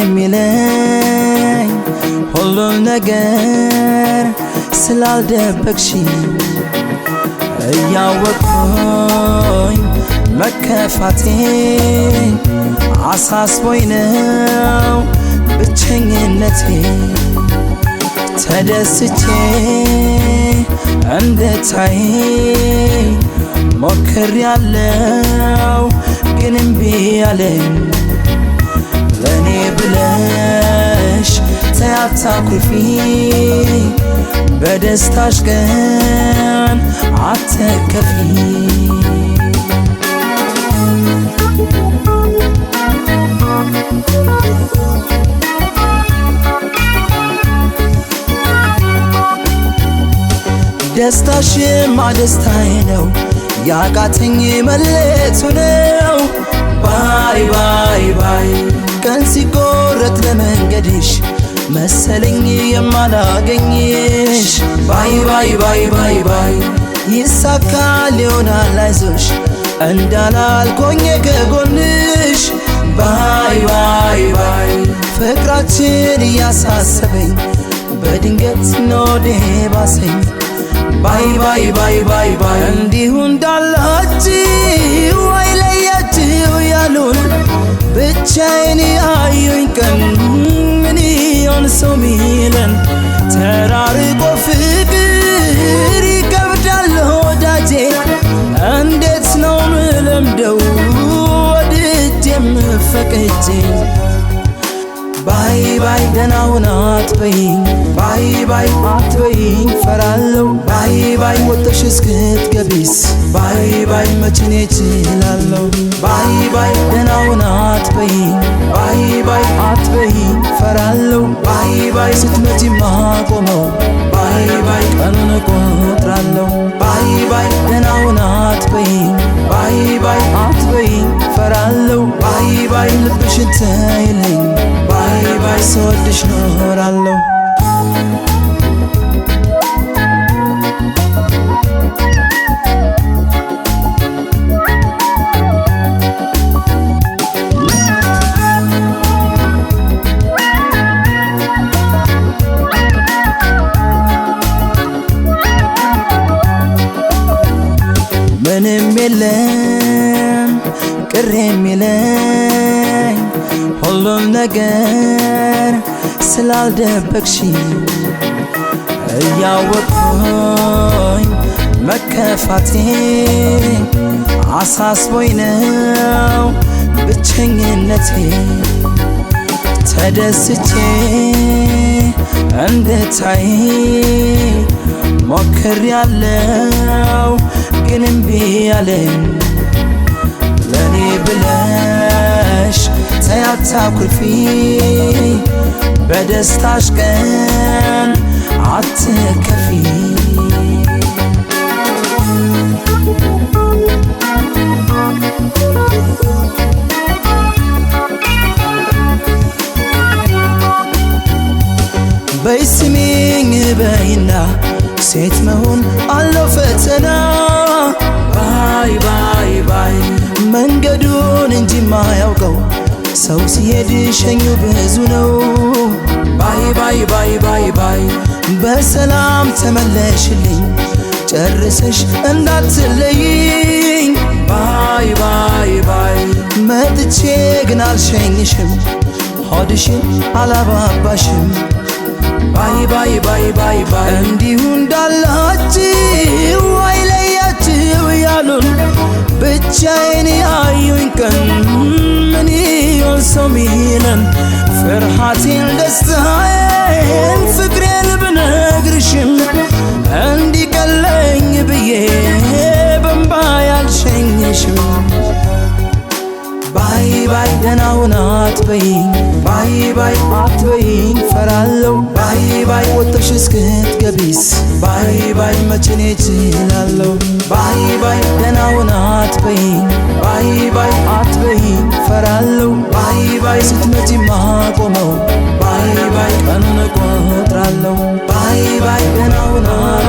የሚለኝ ሁሉም ነገር ስላልደበቅሽ እያወቅኩኝ መከፋቴ አሳስቦኝ ነው ብቸኝነቴ ተደስቼ እንድታይ ሞክር ያለው ግን እምቢ አለኝ። ብለሽ ሳያታኩርፊ በደስታሽ ቀን አትከፊ ደስታሽማ ደስታዬ ነው ያቃተኝ መለቱ ነው ባይ ባይ ባይ ቀን ሲቆረጥ ለመንገድሽ መሰለኝ የማላገኝሽ ባይ ባይ ባይ ባይ ባይ ይሳካል ይሆናል አይዞሽ እንዳላልኮኝ ከጎንሽ ባይ ባይ ባይ ፍቅራችን እያሳሰበኝ በድንገት ኖዴ ባሰኝ ባይ ባይ ባይ ባይ ባይ እንዲሁ እንዳላችን ብቻዬን አዩኝ ቀን ምን ይሆን ሰው ሚለን ተራርቆ ፍቅር ይከብዳል ወዳጄ እንዴት ነው ምለምደው ወድጄም ፈቅጄ ባይ ባይ ደህና ሁን አትበይኝ ባይ ባይ አትበይኝ ፈራለው ባይ ባይ ወጥተሽ እስክትገቢስ ባይ ያን መችን ይችላለው ባይ ባይ ደናውን አትበይ ባይ ባይ አትበይ ፈራለው ባይ ባይ ስትመጪ ማቆመው ባይ ባይ ቀኑን ቆጥራለው ባይ ባይ ደናውን አትበይ ባይ ባይ አትበይ ፈራለው ባይ ባይ ልብሽን ቅር የሚለኝ ሁሉም ነገር ስላልደበቅሽ እያወቅኩኝ መከፋቴ አሳስቦኝ ነው ብቸኝነቴ ተደስቼ እንድታይ ሞክር ያለው ግን እምቢ አለኝ። ብለሽ ሳያታኩርፊ በደስታሽ ቀን አትከፊ በይስሚኝ በይና ሴት መሆን አለው ፈተና ባይ ባይ መንገዱን እንጂ ማያውቀው ሰው ሲሄድ ሸኙ ብዙ ነው። ባይ ባይ ባይ ባይ ባይ በሰላም ተመለሽልኝ ጨርሰሽ እንዳትለይኝ። ባይ ባይ ባይ መጥቼ ግን አልሸኝሽም ሆድሽን አላባባሽም። ባይ ባይ ባይ ባይ ባይ እንዲሁ እንዳላችሁ አይለ ብቻዬን ያዩኝ ቀን ምን ይሆን ሰው ሚለን ፍርሃቴን ደስታዬን ፍቅሬን ብነግርሽም እንዲቀለኝ ብዬ በንባ ያልሸኝሽም ባይ ባይ ደህና ሁና አትበይኝ ባይ ባይ አትበይኝ ፈራለው ባይ ባይ ወጥተሽ እስክትገቢስ ባይ ባይ መቼ እችላለሁ ባይ ባይ ደህና ሁና አትበይ ባይ ባይ አትበይ ፈራለው ባይ ባይ ስትመጪ ማቆመው ባይ ባይ ቀኑን ቆጥራለው ባይ ባይ እናውና